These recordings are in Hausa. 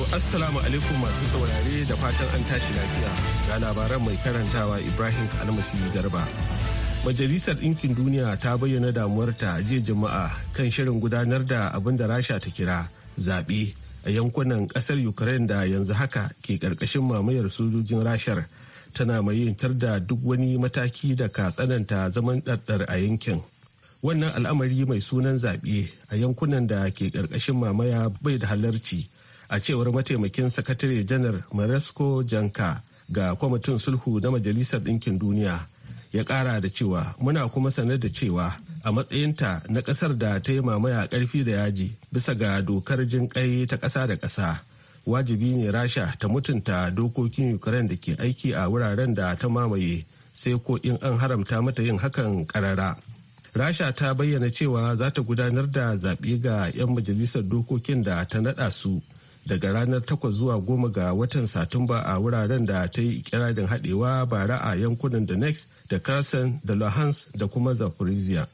To assalamu alaikum masu saurare da fatan an tashi lafiya ga labaran mai karantawa Ibrahim Kalmasi Garba. Majalisar Ɗinkin Duniya ta bayyana damuwarta jiya jama'a kan shirin gudanar da abin da Rasha ta kira zaɓe a yankunan ƙasar Ukraine da yanzu haka ke ƙarƙashin mamayar sojojin Rashar tana mai da duk wani mataki da ka tsananta zaman ɗaɗɗar a yankin. Wannan al'amari mai sunan zaɓe a yankunan da ke ƙarƙashin mamaya bai da halarci. a cewar mataimakin sakatare janar maresco janka ga kwamitin sulhu na majalisar ɗinkin duniya ya ƙara da cewa muna kuma sanar da cewa a matsayinta na ƙasar da ta yi mamaya ƙarfi da yaji bisa ga dokar jin ƙai ta ƙasa da ƙasa wajibi ne rasha ta mutunta dokokin ukraine da ke aiki a wuraren da ta mamaye sai ko in an haramta mata yin hakan karara rasha ta bayyana cewa za ta gudanar da zaɓe ga 'yan majalisar dokokin da ta naɗa su daga ranar 8 zuwa 10 ga watan Satumba a wuraren da ta yi ikirarin haɗewa bara a yankunan da next da carson da Luhansk da kuma Zaporizhia.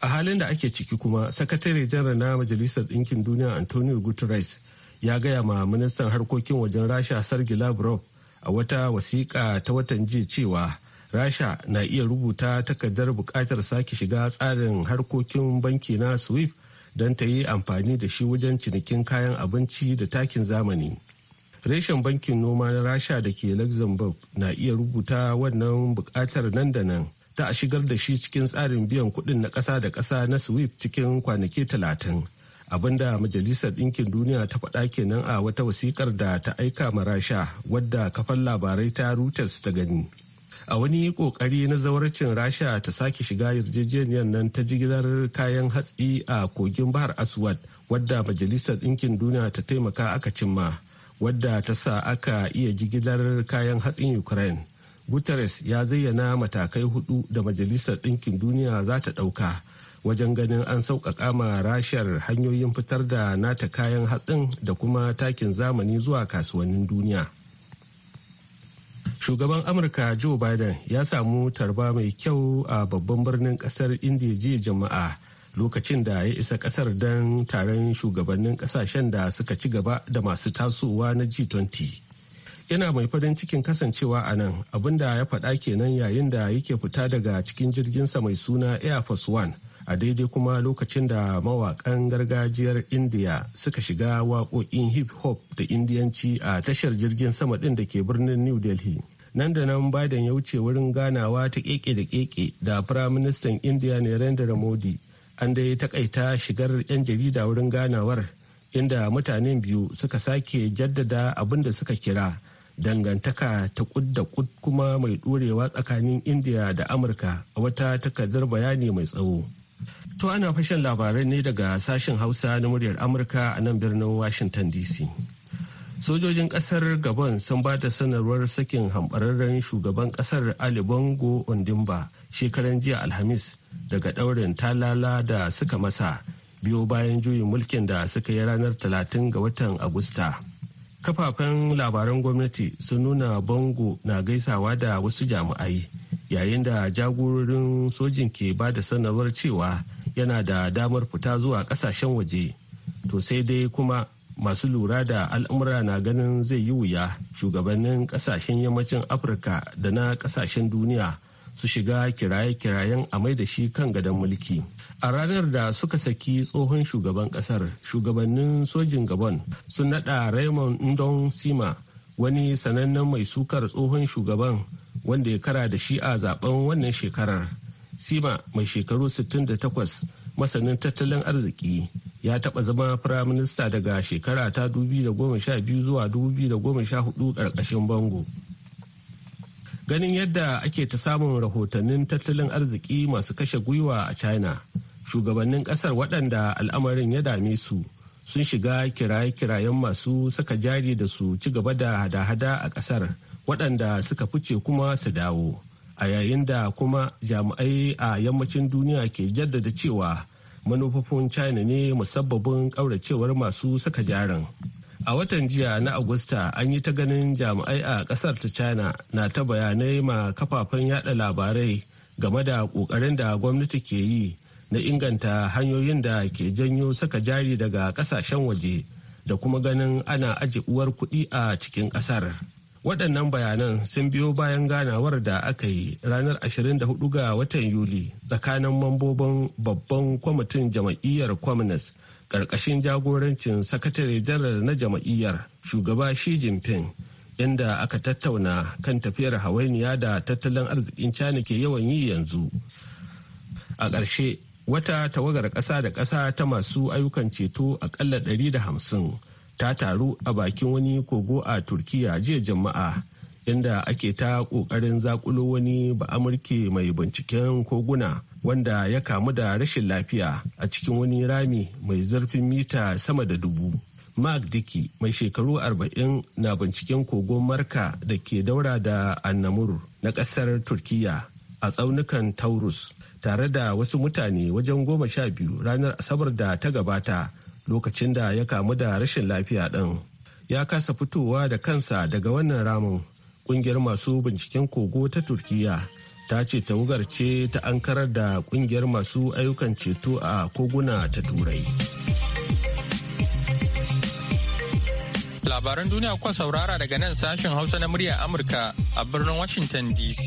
A halin da ake ciki kuma, Sakatare Janar na Majalisar Ɗinkin Duniya Antonio Guterres ya gaya ma ministan harkokin wajen Rasha Sergei Lavrov a wata wasiƙa ta watan jiya cewa rasha na iya rubuta takardar buƙatar sake shiga tsarin harkokin banki na swift don ta yi amfani da shi wajen cinikin kayan abinci da takin zamani. Reshen bankin noma na Rasha da ke Luxembourg na iya rubuta wannan bukatar nan da nan ta a shigar da shi cikin tsarin biyan kuɗin na ƙasa da ƙasa na SWIFT cikin kwanaki talatin. abinda majalisar ɗinkin duniya ta faɗa kenan a wata wasikar da ta aika ma rasha wadda kafan labarai ta reuters ta gani a wani kokari na zawarcin rasha ta sake shiga yarjejeniyar nan ta jigilar kayan hatsi a kogin bahar aswad wadda majalisar ɗinkin duniya ta taimaka aka cimma wadda ta sa aka iya jigilar kayan hatsin ukraine guterres ya zayyana matakai hudu da majalisar ɗinkin duniya za ta ɗauka wajen ganin an sauƙaƙa ma rashar hanyoyin fitar da nata kayan hatsin da kuma takin zamani zuwa kasuwannin duniya. shugaban amurka joe biden ya samu tarba mai kyau a babban birnin kasar indiya jiya jama'a lokacin da ya isa kasar don taron shugabannin kasashen da suka ci gaba da masu tasowa na g20 yana mai farin cikin kasancewa a nan abinda ya faɗa kenan yayin da yake fita daga cikin jirginsa mai suna air force one a daidai kuma lokacin da mawakan gargajiyar indiya suka shiga waƙoƙin hip hop da indiyanci a tashar jirgin sama ɗin da ke birnin new delhi nan da nan biden ya wuce wurin ganawa ta keke da keke da firaministan indiya narendra modi an dai takaita shigar 'yan jarida wurin ganawar inda mutane biyu suka sake jaddada abin da suka kira dangantaka ta kud da kud kuma mai ɗorewa tsakanin indiya da amurka a wata takardar bayani mai tsawo To ana fashin labarai ne daga sashen Hausa na muryar Amurka a nan birnin Washington DC. Sojojin kasar Gabon sun ba da sanarwar sakin hambararren shugaban kasar Ali Bongo Ondimba shekaran jiya Alhamis daga ɗaurin talala da suka masa biyo bayan juyin mulkin da suka yi ranar 30 ga watan Agusta. kafafen labaran gwamnati sun nuna bongo na gaisawa da wasu jami'ai yayin da jagororin sojin ke ba da sanarwar cewa yana da damar fita zuwa kasashen waje to sai dai kuma masu lura da al'amura na ganin zai yi wuya shugabannin kasashen yammacin afirka da na kasashen duniya su shiga kiraye-kirayen a mai da shi kan gadon mulki a ranar da suka saki tsohon shugaban kasar shugabannin sojin gabon sun nada raymond ndon sima wani sanannen mai sukar tsohon shugaban wanda ya kara da shi a zaben wannan shekarar Sima mai shekaru 68 masanin tattalin arziki ya taɓa zama firaminista daga shekara ta 2012 zuwa 2014 ƙarƙashin bango. Ganin yadda ake ta samun rahotannin tattalin arziki masu kashe gwiwa a China, shugabannin ƙasar waɗanda al'amarin ya dame su sun shiga kiraye-kirayen masu saka jari da su ci gaba da hada-hada a ƙasar waɗanda suka fice kuma su dawo. a yayin da kuma jami'ai a yammacin duniya ke jaddada cewa manufofin china ne musabbabin ƙauracewar masu saka jarin a watan jiya na agusta an yi ta ganin jami'ai a ƙasar ta china na ta bayanai ma kafafen yada labarai game da ƙoƙarin da gwamnati ke yi na inganta hanyoyin da ke janyo saka jari daga ƙasashen waje da kuma ganin ana aji uwar kuɗi a cikin ƙasar. waɗannan bayanan sun biyo bayan ganawar da aka yi ranar 24 ga watan yuli tsakanin mambobin babban kwamitin jama'iyyar communist ƙarƙashin jagorancin sakatare janar na jama'iyyar shugaba xi jinping inda aka tattauna kan tafiyar hawainiya da tattalin arzikin china ke yawan yi yanzu a ƙarshe wata tawagar ƙasa da ƙasa ta masu ayyukan ceto aƙalla 150 ta taru a bakin wani kogo a turkiya jiya jama'a inda ake ta kokarin zakulo wani ba'amurke mai binciken koguna wanda ya kamu da rashin lafiya a cikin wani rami mai zurfin mita sama da dubu mark dicky mai shekaru 40 na binciken kogon marka da ke daura da annamur na kasar turkiya a tsaunukan taurus tare da wasu mutane wajen goma sha biyu ranar asabar da ta gabata lokacin da ya kamu da rashin lafiya ɗin ya kasa fitowa da kansa daga wannan ramin ƙungiyar masu binciken kogo ta turkiyya ta ce wugar ce ta ankarar da ƙungiyar masu ayyukan ceto a koguna ta turai labaran duniya kuwa saurara daga nan sashen hausa na murya amurka a birnin washington dc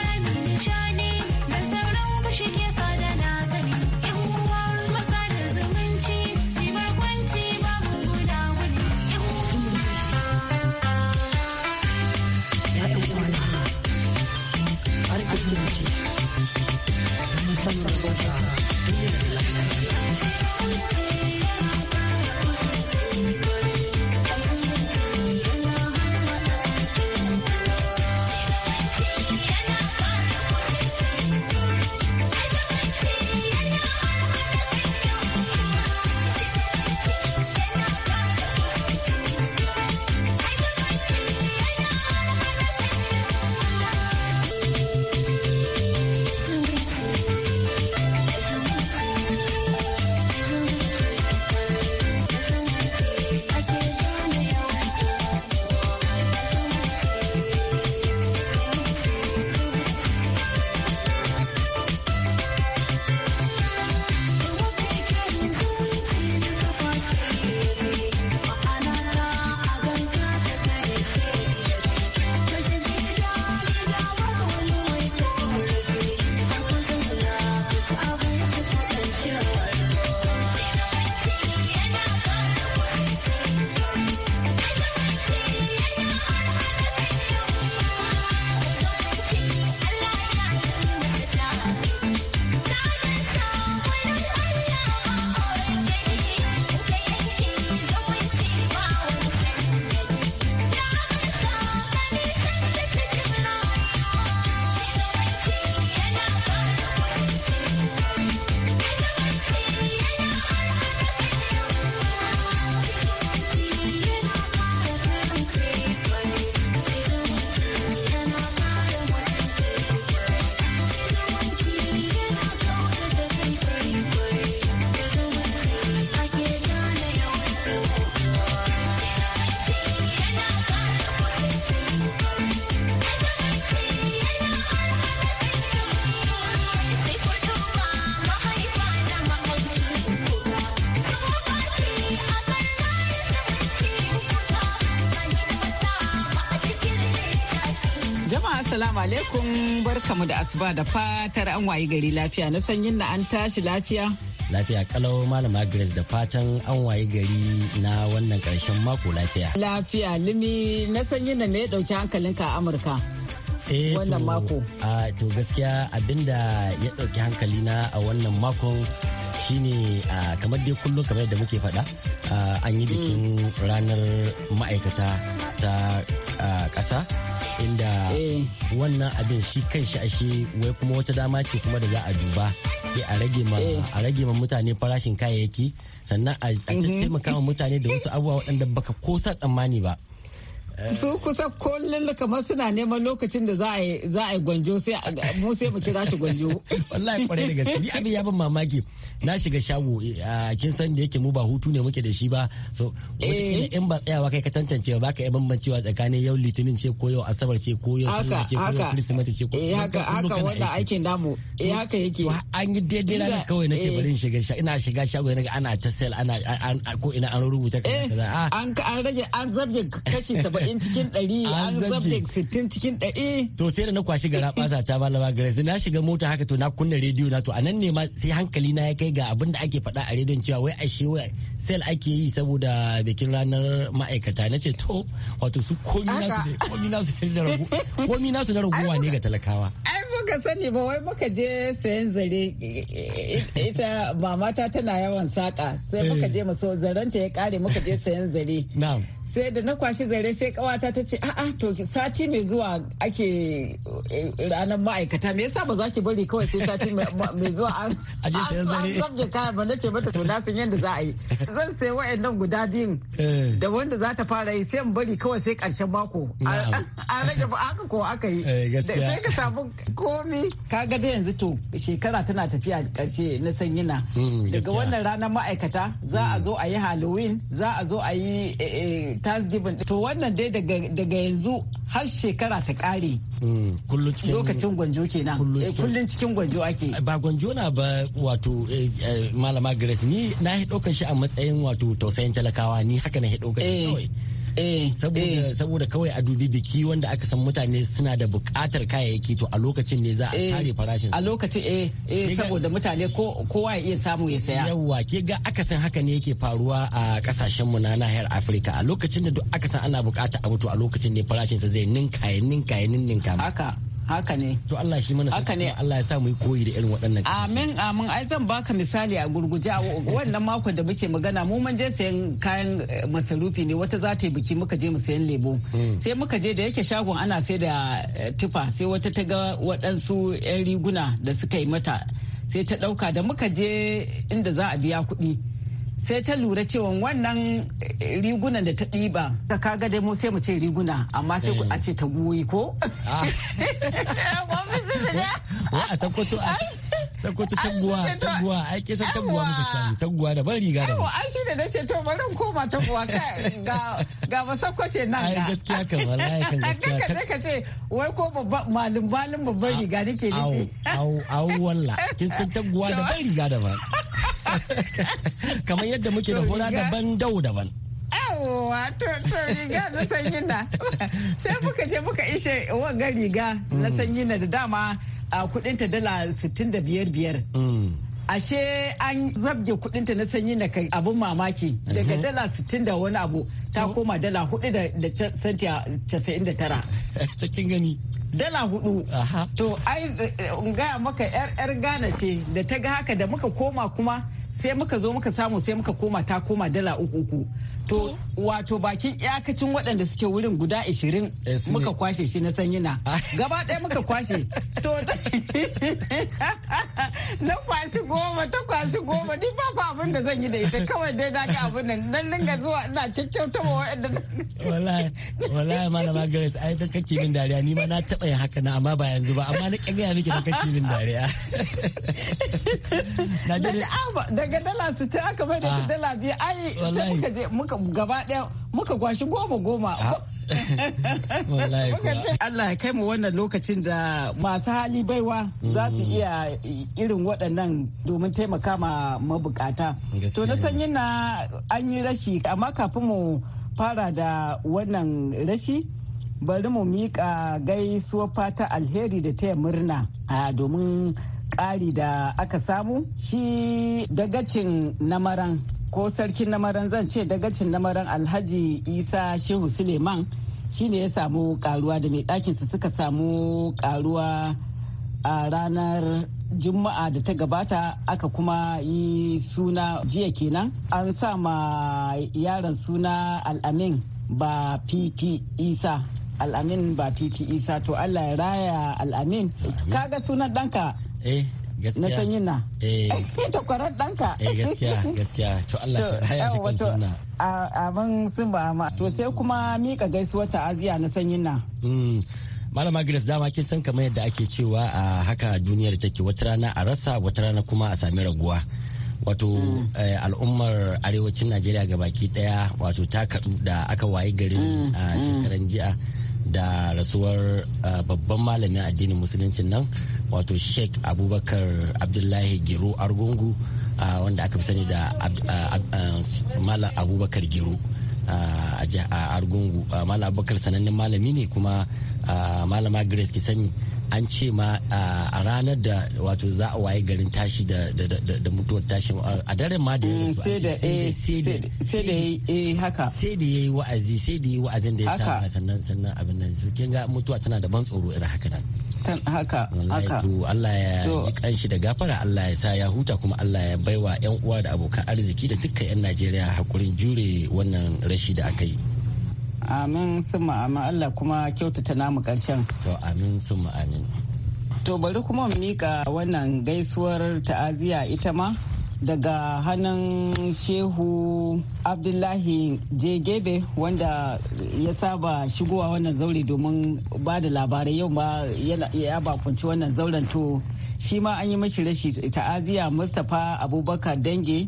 barkamu da asuba da fatar an wayi gari lafiya na sanyin na an tashi lafiya. Lafiya kalau malama Grace da fatan an wayi gari na wannan karshen mako lafiya. Lafiya limi na sanyin na me ya dauki hankalinka a Amurka. Eh, wannan mako. to gaskiya abinda ya dauki hankalina a wannan makon shine kamar dai kullum kamar da muke faɗa an yi bikin ranar ma'aikata ta ƙasa inda eh. wannan abin shi kan shi ashe wai kuma wata dama ce kuma da za a duba sai a rage ma eh. a rage ma mutane farashin kayayyaki sannan a mhm. taimaka ma mutane da wasu abubuwa waɗanda baka ko sa tsammani ba su kusa kullum kamar suna neman lokacin da za a yi gwanjo sai mu sai mu kira shi gwanjo wallahi kwarai da gaske ni abin ya ban mamaki na shiga shago eh, kin san da yake mu ba hutu ne muke da shi ba so eh. in ba tsayawa kai ka tantance ba ka bambancewa tsakanin yau litinin ce ko yau asabar ce ko yau sallah ce ko yau kirsimeti ce ko eh, haka haka wanda aikin namu eh haka yake an yi daidai ranar kawai ce bari in shiga shago ina shiga shago ga ana ta sale ana ko ina an rubuta ah. ka an rage an zarge kashi 70 saba'in cikin ɗari an zabge sittin cikin ɗari. To sai da na kwashi gara ɓasa ta malama Grace na shiga mota haka to na kunna rediyo na to a nan ne ma sai hankali na ya kai ga abin da ake faɗa a rediyon cewa wai ashe wai sel ake yi saboda bikin ranar ma'aikata na ce to wato su komi nasu komi nasu na ragu komi nasu na raguwa ne ga talakawa. Ai muka sani ba wai muka je sayan zare ita mamata tana yawan saƙa sai muka eh. je mu so ta ya kare muka je sayan zare. Na'am. sai da na kwashi zare sai kawata ta ce a'a to sati mai zuwa ake eh, ranar ma'aikata me yasa ba za ki bari kawai sai sati mai zuwa an sabje kaya ba na ce mata to nasan yadda za a yi zan sai wa'annan guda biyun eh. da wanda za ta fara yi sai bari kawai sai karshen mako a rage ba haka ko aka yi eh, sai ka samu komi ka ga da yanzu to shekara tana tafiya karshe na sanyina hmm, daga wannan ranar ma'aikata za a zo a yi halloween za a zo a yi thanksgiving to wannan dai daga yanzu har shekara ta kare hmm, kullum cikin lokacin gwanjo kenan kullum eh, cikin gwanjo ake ba gwanjo na ba wato eh, eh, malama grace ni na hi daukar shi a matsayin wato tausayin talakawa ni haka na hi daukar shi kawai Eh, eh. saboda kawai a dubi biki wanda aka san mutane suna da bukatar kayayyaki to a lokacin ne za a eh, sare farashin a lokacin eh saboda mutane kowa ya iya samu ya saya Yawwa ke ga aka san haka ne yake faruwa a kasashen mu na nahiyar Afirka a lokacin da duk aka san ana bukata a mutu a lokacin ne farashin sa zai ninka ya ninka ya ninka haka haka ne to Allah shi mana haka ne Allah ya sa mu yi koyi da irin waɗannan amin amin ai zan baka misali a gurguje wannan makon da muke magana mu mun je sayan kayan eh, masarufi ne wata za ta yi biki muka je mu sayan lebo hmm. sai muka je da yake shagon ana sai da eh, tufa sai wata ta ga waɗansu 'yan riguna da suka yi mata sai ta ɗauka da muka je inda za a biya kuɗi sai ta lura cewa wannan eh, rigunan da ta ɗiba ta kaga dai mu sai mu ce riguna amma sai eh. a ce ta goyi ko ah. a Sako ta taguwa, taguwa, ai ke san taguwa muka samu, taguwa da ban riga da. Ai shi da nace to bari in koma taguwa ga ga ba sako ce nan Ai gaskiya ka wallahi kan gaskiya. ka ka ce wai ko malum balin babban riga nake ne Au au au walla, ke san taguwa da ban riga da ban. Kamar yadda muke da hula daban dau daban. yawwa to riga na sanyi na sai muka je muka ishe wanga riga na sanyi na da dama a kudinta dala 65 mm. ashe an zabge kudinta na sanyi na kai abin mamaki daga mhm. dala 60 da wani abu ta koma dala 4 da senti 99 cikin gani dala hudu to ai eh, eh, gaya maka yar gana ce da ta ga haka da muka koma kuma sai muka zo muka samu sai muka koma ta koma dala uku uku to wato bakin iyakacin waɗanda suke wurin guda 20 eh, muka kwashe shi na sanyina gaba ɗaya muka kwashe to na kwashi goma ta kwashi goma ni ba fa abin da zan yi da ita kawai dai na ga abin nan nan dinga zuwa ina kyakkyauta ma waɗanda wallahi wallahi malama grace ai da kake min dariya ni ma na taɓa yin haka na amma ba yanzu ba amma na kagaya miki da kake min dariya daga dala su ta aka bai da ah. dala biyu ai sai muka je muka gaba ɗaya muka kwashi goma goma ah. Allah ya kai mu wannan lokacin da masu hali baiwa za su mm-hmm. iya irin waɗannan domin taimaka ma mabukata. To na sanyi na an yi rashi amma kafin mu fara da wannan rashi bari mu miƙa gaisuwar fata alheri da taya murna ah, domin ƙari da aka samu shi dagacin namaran ko sarkin namaran zan ce dagacin namaran alhaji isa shehu suleiman ne ya samu karuwa da mai ɗakinsa suka samu karuwa a ranar juma'a da ta gabata aka kuma yi suna jiya kenan an sa ma yaron suna al'amin ba pipi isa al'amin ba pipi isa to allah ya raya al'amin kaga sunan ɗanka Eh, gaskiya na sanyin na eh, eh ta kwarar danka eh gaskiya gaskiya to Allah ya haya shi kan sunna abin sun ba ma to sai kuma mika gaisuwar ta'aziya na sanyin na mm. malama grace dama kin san kamar yadda ake cewa a haka duniyar take wata rana a rasa wata rana kuma a sami raguwa wato mm. eh, al'ummar arewacin najeriya ga baki daya wato ta kadu da aka wayi garin mm. a shekaran jiya da rasuwar uh, babban malamin addinin musulunci nan wato sheikh abubakar abdullahi giro argungu uh, wanda aka fi sani da uh, malam abubakar giro a argungu malam abubakar sanannen malami ne kuma malama grace ki sani an ce ma a ranar da wato za a waye garin tashi da mutuwar tashi a daren ma da ya rasu sai da eh haka sai da yayi wa'azi sai da yayi wa'azin da ya sa sannan sannan abin nan su kin ga mutuwa tana da ban tsoro irin haka nan haka haka to Allah ya ji kanshi da gafara Allah ya sa ya huta kuma Allah ya baiwa yan uwa da abokan arziki da dukkan yan Najeriya hakurin jure wannan rashi da aka yi Amin summa amin Allah kuma kyautata namu karshen. To amin summa amin. To bari kuma mu mika wannan gaisuwar ta'aziya ita ma daga hannun shehu abdullahi jegebe wanda ya saba shigowa wannan zaure domin ba da labarai yau ma ya bakunci wannan zauren to shi ma an yi mashi rashi ta'aziya mustapha abubakar dange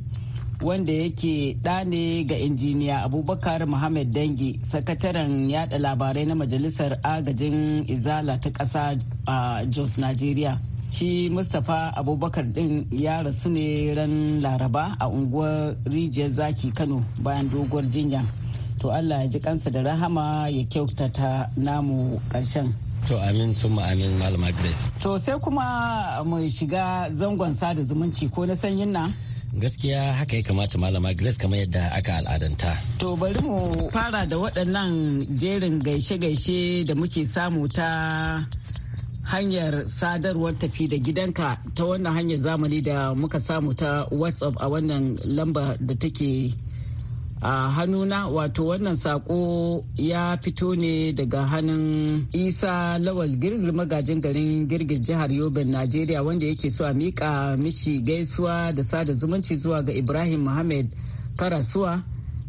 wanda yake ɗa ne ga injiniya abubakar muhammad dangi sakataren yada labarai na majalisar agajin izala ta ƙasa a jos nigeria shi mustapha abubakar din ya rasu ne ran laraba a unguwar rijiyar zaki kano bayan doguwar jinya to allah ya ji kansa da rahama ya kyautata namu ƙarshen To amin sun amin malama Grace. To sai kuma mai shiga zangon sada zumunci ko na sanyin nan? gaskiya haka ya kamata malama grace kamar yadda aka al'adanta to bari mu fara da waɗannan jerin gaishe-gaishe da muke samu ta hanyar sadarwar tafi da gidanka ta wannan hanyar zamani da muka samu ta whatsapp a wannan lamba da take a hannuna wato wannan sako ya fito ne daga hannun isa lawal girgir magajin garin girgir jihar yobin najeriya wanda yake so a mika mishi gaisuwa da sada zumunci zuwa ga ibrahim muhammad karasuwa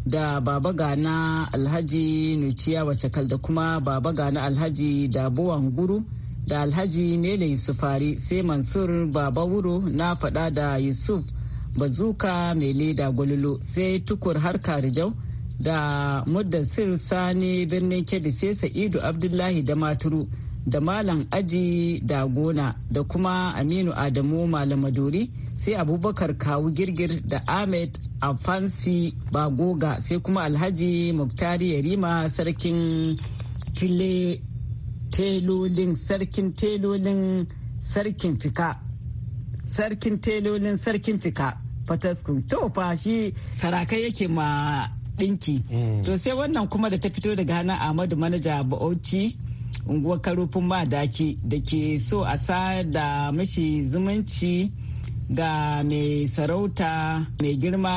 da baba gana alhaji nuciya wacce da kuma baba gana alhaji dabuwan guru da alhaji nele yusufari sai mansur baba wuro na fada da yusuf bazuka mai leda gwalolo sai tukur har karijau da muddasir sani birnin kebbi sai sa'idu abdullahi da maturu da malam aji da gona da kuma aminu adamu malamadori sai abubakar kawu girgir da ahmed afansi bagoga sai kuma alhaji muktari yarima sarkin tile telolin sarkin telolin sarkin fika sarkin telolin sarkin fika fatasku to fa shi sarakai yake ma dinki mm. to sai wannan kuma da ta fito daga hannun ahmadu manaja bauchi unguwar karofin madaki da ke so a sa da mashi zumunci ga mai sarauta mai girma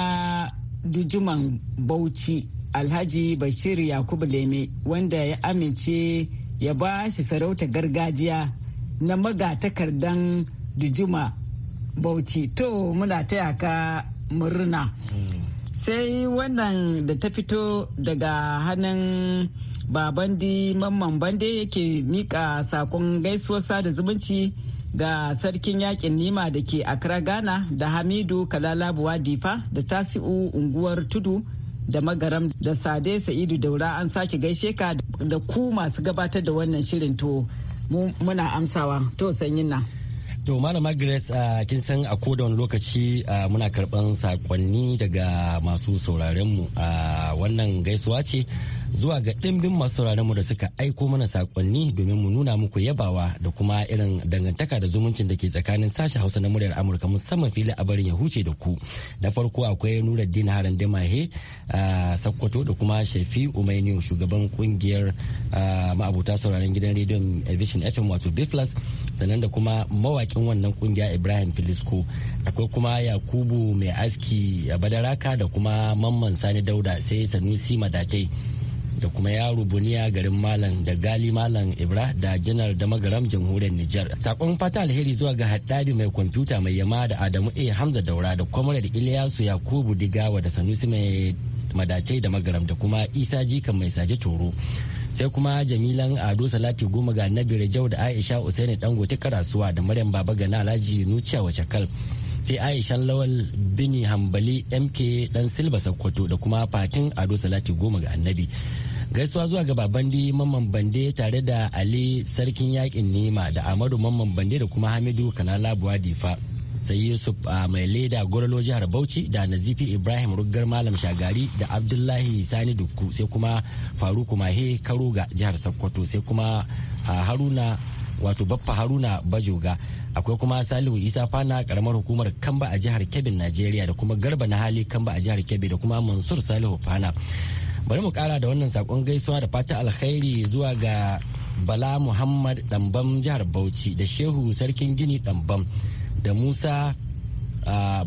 dujuman bauchi alhaji bashir yakubu leme wanda ya amince ya ba shi sarauta gargajiya na magatakardan dujuma bauchi to muna taya ka murna sai wannan da ta fito daga hannun babandi mamman bande yake mika sakon gaisuwar sada zumunci ga sarkin yakin nima da ke accra ghana da hamidu kalalabuwa difa da tasi'u unguwar tudu da magaram da sade sa'idu daura an sake gaishe ka da ku masu gabatar da wannan shirin to muna amsawa to sanyin nan To Malama Grace kin san a da wani lokaci muna karban sakonni daga masu sauraren mu wannan gaisuwa ce zuwa ga ɗimbin masu mu da suka aiko mana sakonni domin mu nuna muku yabawa da kuma irin dangantaka da zumuncin da ke tsakanin sashen hausa na muryar amurka musamman fili a barin yahuce da ku Na farko akwai dina haran dimahe a sakkwato da kuma shafi umainiyo shugaban kungiyar ma'abuta sauraron gidan rediyon vision fm wato b sannan da kuma mawakin wannan kungiya ibrahim filisko akwai kuma yakubu mai aski badaraka da kuma mamman sani dauda sai sanusi madatai da kuma yaro buniya garin malam da gali malam ibra da janar da magaram jamhuriyar nijar sakon fata alheri zuwa ga haddadi mai kwamfuta mai yama da adamu a hamza daura da kwamarar ilyasu yakubu digawa da sanusi mai madatai da magaram da kuma isa jikan mai saje toro sai kuma jamilan ado salati goma ga nabi rajau da aisha usaini dangote karasuwa da maryam baba gana alhaji nuciya wa cakal sai aisha lawal bini hambali mk dan silba sakkwato da kuma fatin ado salati goma ga annabi gaisuwa zuwa ga babandi mamman bande tare da ali sarkin yakin nema da amadu mamman bande da kuma hamidu kanala buwadifa sai yusuf a ah, mai leda gorolo jihar bauchi da nazifi ibrahim ruggar malam shagari da abdullahi sani dukku sai kuma faruku mahe karuga jihar sokoto sai kuma ah, haruna wato baffa haruna bajoga akwai kuma salihu isa fana karamar hukumar kamba a jihar kebbi najeriya da kuma garba na hali kamba a jihar kebbi da kuma mansur salihu fana bari mu kara da wannan sakon gaisuwa da fata alkhairi zuwa ga bala muhammad dambam jihar bauchi da shehu sarkin gini dambam da musa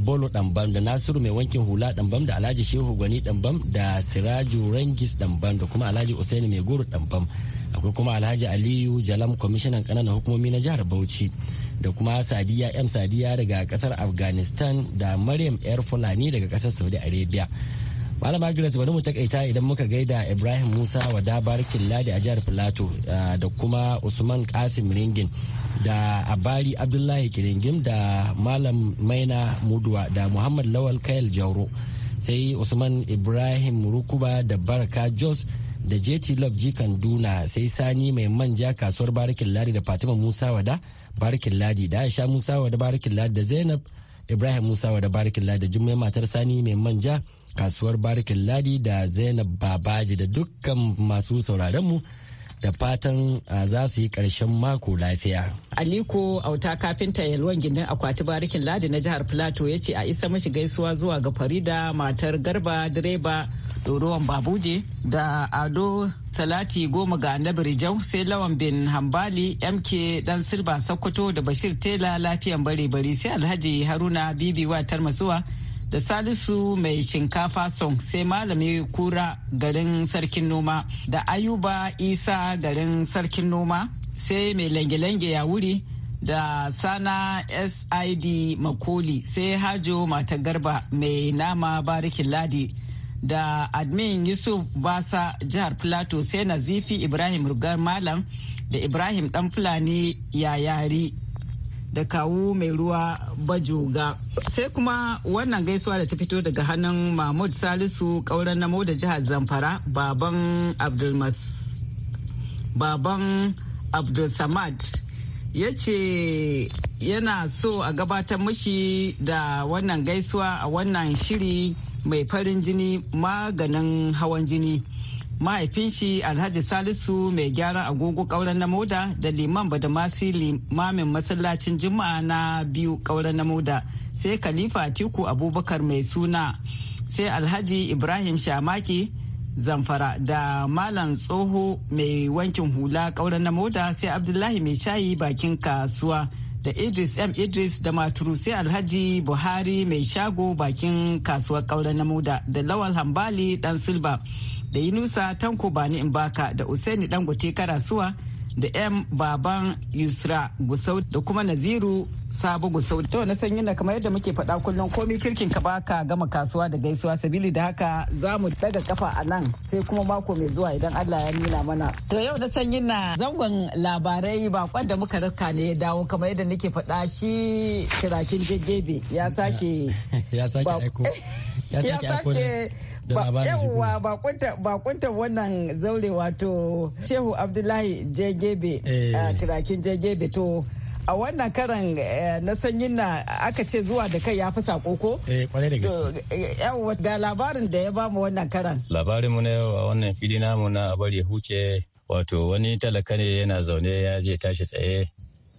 bolo dambam da nasiru mai wankin hula dambam da alhaji shehu gwani dambam da siraju rangis dambam da kuma alhaji usaini mai goro dambam akwai kuma alhaji aliyu jalam kwamishinan kananan hukumomi na jihar bauchi da kuma sadiya m sadiya daga kasar afghanistan da maryam yar fulani daga kasar saudi arabia malama grace bari mu takaita idan muka gaida ibrahim musa wa barkin ladi a jihar plateau eh, da kuma usman kasim ringin da abari abdullahi kiringim da malam maina muduwa da muhammad lawal kayal jauro sai usman ibrahim rukuba da baraka jos da jt love ji kanduna sai sani mai manja kasuwar barikin ladi da fatima musa wada barikin ladi da aisha musa wada barikin ladi da zainab ibrahim musa wada barikin ladi da jummai matar sani mai manja kasuwar barikin ladi da zainab babaji da dukkan masu sauraronmu da fatan za su yi karshen mako lafiya. Aliko auta kafinta yalwan gindin akwati barikin ladi na jihar Filato ya ce a isa mashi gaisuwa zuwa ga Farida matar garba direba Doruwan Babuje da Ado Salati goma ga annabi Jau sai Lawan bin Hambali MK dan Silba Sokoto da Bashir Tela lafiyan bare bari sai Alhaji Haruna Bibi wa Masuwa. da salisu mai shinkafa song sai malami kura garin sarkin noma da ayuba isa garin sarkin noma sai mai lange-lange ya wuri da sana sid makoli sai hajo mata garba mai nama barikin ladi da admin yusuf basa jihar plateau sai nazifi ibrahim rugar malam da ibrahim dan fulani yayari da kawu mai ruwa bajoga sai kuma wannan gaisuwa da ta fito daga hannun mahmud salisu kauran namo da jihar zamfara baban abdulmas baban abdulsamad ya ce yana so a gabatar mashi da wannan gaisuwa a wannan shiri mai farin jini maganin hawan jini mahaifin shi alhaji salisu mai gyaran agogo kauren na moda da liman badamasi limamin masallacin juma'a na biyu kauren na moda sai khalifa tiku abubakar mai suna sai alhaji ibrahim shamaki zamfara da malam tsoho mai wankin hula kauren na moda sai abdullahi mai shayi bakin kasuwa da idris m idris da maturu sai alhaji buhari mai shago bakin kasuwar kauren na moda da lawal hambali dan silba da Yunusa Tanko Bani Mbaka da Usaini Dangote Karasuwa da M Baban Yusra Gusau da kuma Naziru Sabo Gusau. To na san yana kamar yadda muke faɗa kullum komi kirkin ka baka gama kasuwa da gaisuwa sabili da haka za mu daga kafa a nan sai kuma mako mai zuwa idan Allah ya nuna mana. To yau na san yana zangon labarai bakon da muka raka ne ya dawo kamar yadda nake faɗa shi kirakin jejjebe ya sake. Ya sake aiko. Ya sake yawwa bakunta wannan zaure wato shehu abdullahi jegebe eh. turakin jegebe to a wannan karan eh, na sanyin na aka ce zuwa da kai ya fi sako ko? Eh, ga labarin da ya bamu wannan karan labarin mu na yau a wannan fili namu na abar ya huce wato wani talaka ne yana zaune ya je tashi tsaye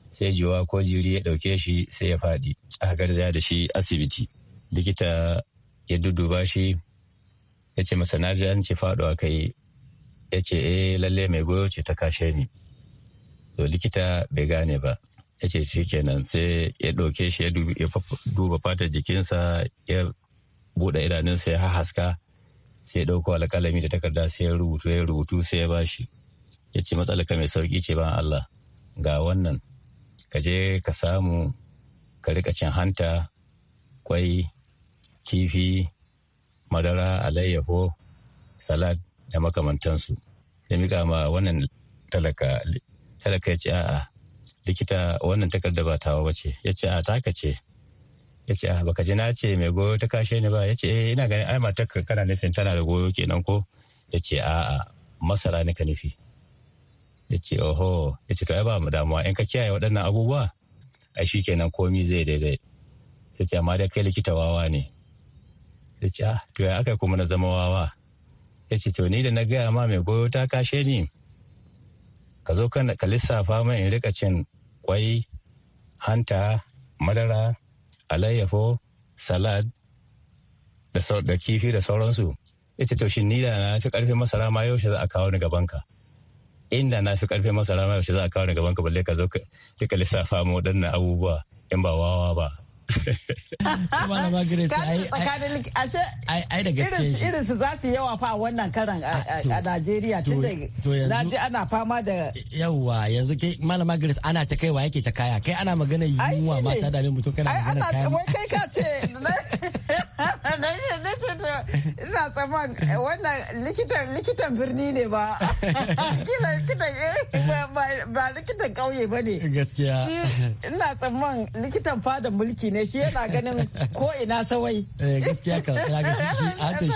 sai jiwa ko jiri ya dauke shi sai ya faɗi aka garzaya da shi asibiti likita ya dudduba shi ya ce masa naji an ce faɗo aka yi ya ce eh lalle mai goyo ce ta kashe ni to likita bai gane ba ya ce shi kenan sai ya ɗauke shi ya duba fatar jikinsa ya buɗe idanunsa ya haska. sai ya ɗauko alƙalami da takarda sai ya rubutu ya rubutu sai ya bashi ya ce ka mai sauƙi ce ban Allah ga wannan ka je ka samu ka rika cin hanta kwai kifi madara alayyaho salad da makamantansu Sai mika ma wannan talaka talaka ya ce a'a likita wannan takarda ba tawa bace ya ce a taka ce ya ce a baka ji na ce mai goyo ta kashe ni ba ya ce eh ina ganin ai matar kana nufin tana da goyo kenan ko ya ce a'a masara ne ka nufi ya ce oho ya ce to ai ba mu damuwa in ka kiyaye waɗannan abubuwa ai kenan komi zai daidai ta ce amma dai kai likita wawa ne da ce ah, to ya aka kuma na zama wawa ya ce to ni da na gaya ma mai goyo ta kashe ni ka zo kan ka lissafa mai in rika cin kwai hanta madara alayyafo salad da kifi da sauransu ya ce to shi ni da na fi karfin masara ma yaushe za a kawo ni gabanka inda na fi karfin masara ma yaushe za a kawo ni gabanka balle ka zo ka rika lissafa mu waɗannan abubuwa in ba wawa ba Malama Grace ai ai da gaske shi. Irin su za su yawa fa wannan karan a ah, Najeriya tun da ji ana fama da yawa yanzu ke Malama Grace ana ta kaiwa yake ta kaya kai ana magana yunwa ma da dame mutum kana magana kaya. Ai ana kai ka ce ina tsaman eh, wannan likitan likitan birni ne ba eh, ba likitan kauye ba ne gaskiya shi ina tsaman likitan fada mulki ne shi yana ganin ko ina sawai eh, gaskiya kan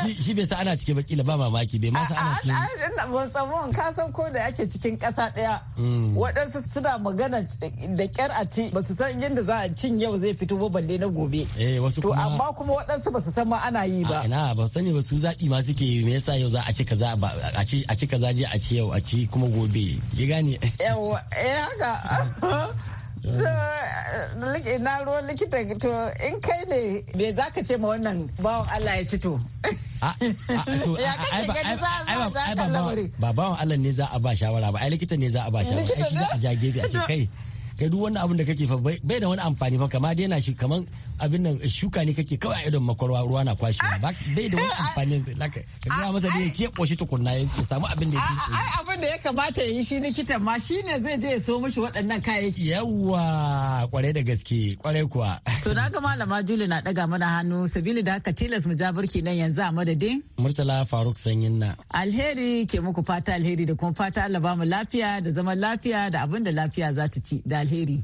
shi shi bai sa ana cike ba kila ba mamaki bai ma sa ana cike ban tsaman ka san ko da yake cikin kasa daya mm. waɗansu suna magana da kyar a ci ba su san yadda za a cin yau zai fito ba balle na gobe to amma kuma waɗansu wasu ba su san ma ana yi ba ina ba sani ba su zaɓi ma suke me yasa yau za a ci kaza a ci a ci kaza je a ci yau a ci kuma gobe ya gane Yawwa eh haka eh. Eh, na ruwan likita to in kai ne me za ka ce ma wannan bawan Allah ya ci to ba bawan Allah ne za a ba shawara ba ai likita ne za a ba shawara ai za a ja gefe a ce kai kai duk wani abin da kake fa bai da wani amfani ba kama daina shi kaman abin nan eh, shuka ne kake kawai a idon makwarwa ruwa na kwashe ba bai da wani amfani zai laka ka gaya ah, masa da ya ce koshi tukunna ya samu abin da ya ke. Ah, ai abin da ya kamata ya yi shi likitan ma shi ne zai je ya so mashi waɗannan kayayyaki yawa kwarai da gaske kwarai kuwa to na ga malama Juli na daga mana hannu sabili da haka tilas mu ja burki nan yanzu a madadin Murtala Faruk Sanyin na alheri ke muku fata alheri da kuma fata Allah ba mu lafiya da zaman lafiya da abin da lafiya za ta ci da alheri.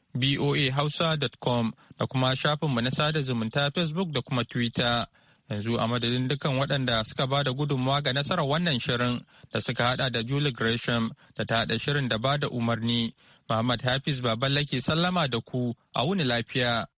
boahausa.com da kuma shafinmu na sada zumunta facebook da kuma twitter yanzu a madadin dukkan waɗanda suka ba da gudunmawa ga nasarar wannan shirin da suka hada da julie gresham da ta hada shirin da ba da umarni muhammad hafiz baballake sallama da ku a wuni lafiya